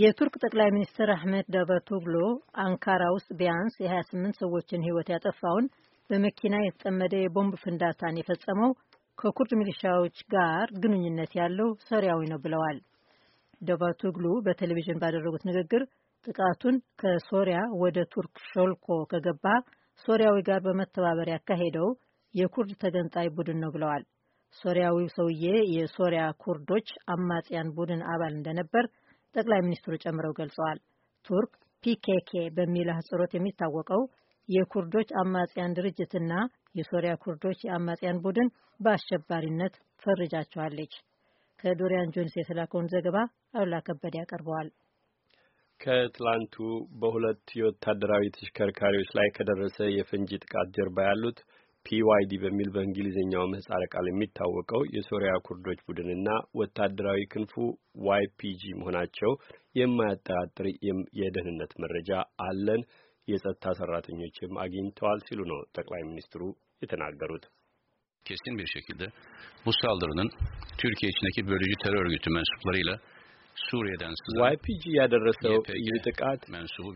የቱርክ ጠቅላይ ሚኒስትር አህመድ ዳቫቶግሎ አንካራ ውስጥ ቢያንስ የ28 ሰዎችን ሕይወት ያጠፋውን በመኪና የተጠመደ የቦምብ ፍንዳታን የፈጸመው ከኩርድ ሚሊሻዎች ጋር ግንኙነት ያለው ሶሪያዊ ነው ብለዋል። ዳቫቶግሉ በቴሌቪዥን ባደረጉት ንግግር ጥቃቱን ከሶሪያ ወደ ቱርክ ሾልኮ ከገባ ሶሪያዊ ጋር በመተባበር ያካሄደው የኩርድ ተገንጣይ ቡድን ነው ብለዋል። ሶሪያዊው ሰውዬ የሶሪያ ኩርዶች አማጽያን ቡድን አባል እንደነበር ጠቅላይ ሚኒስትሩ ጨምረው ገልጸዋል። ቱርክ ፒኬኬ በሚል አህጽሮት የሚታወቀው የኩርዶች አማጽያን ድርጅትና የሶሪያ ኩርዶች የአማጽያን ቡድን በአሸባሪነት ፈርጃቸዋለች። ከዶሪያን ጆንስ የተላከውን ዘገባ አሉላ ከበደ ያቀርበዋል። ከትላንቱ በሁለት የወታደራዊ ተሽከርካሪዎች ላይ ከደረሰ የፈንጂ ጥቃት ጀርባ ያሉት ፒዋይዲ በሚል በእንግሊዝኛው ምህጻረ ቃል የሚታወቀው የሶሪያ ኩርዶች ቡድንና ወታደራዊ ክንፉ ዋይፒጂ መሆናቸው የማያጠራጥር የደህንነት መረጃ አለን፣ የጸጥታ ሰራተኞችም አግኝተዋል ሲሉ ነው ጠቅላይ ሚኒስትሩ የተናገሩት። kesin bir şekilde bu saldırının Türkiye içindeki bölücü terör örgütü mensuplarıyla ዋይፒጂ ያደረሰው ይህ ጥቃት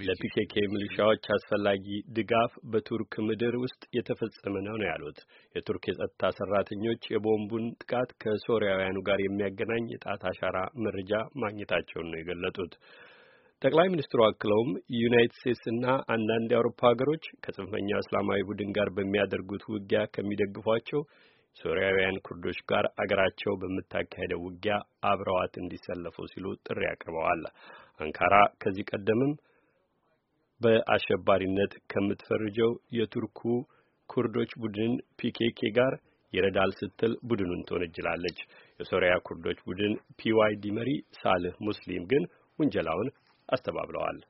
ለፒኬኬ ሚሊሻዎች አስፈላጊ ድጋፍ በቱርክ ምድር ውስጥ የተፈጸመ ነው ነው ያሉት የቱርክ የጸጥታ ሰራተኞች የቦምቡን ጥቃት ከሶሪያውያኑ ጋር የሚያገናኝ የጣት አሻራ መረጃ ማግኘታቸውን ነው የገለጡት። ጠቅላይ ሚኒስትሩ አክለውም ዩናይትድ ስቴትስ እና አንዳንድ የአውሮፓ ሀገሮች ከጽንፈኛ እስላማዊ ቡድን ጋር በሚያደርጉት ውጊያ ከሚደግፏቸው ሶሪያውያን ኩርዶች ጋር አገራቸው በምታካሄደው ውጊያ አብረዋት እንዲሰለፉ ሲሉ ጥሪ አቅርበዋል። አንካራ ከዚህ ቀደምም በአሸባሪነት ከምትፈርጀው የቱርኩ ኩርዶች ቡድን ፒኬኬ ጋር ይረዳል ስትል ቡድኑን ትወነጅላለች። የሶሪያ ኩርዶች ቡድን ፒዋይዲ መሪ ሳልህ ሙስሊም ግን ውንጀላውን አስተባብለዋል።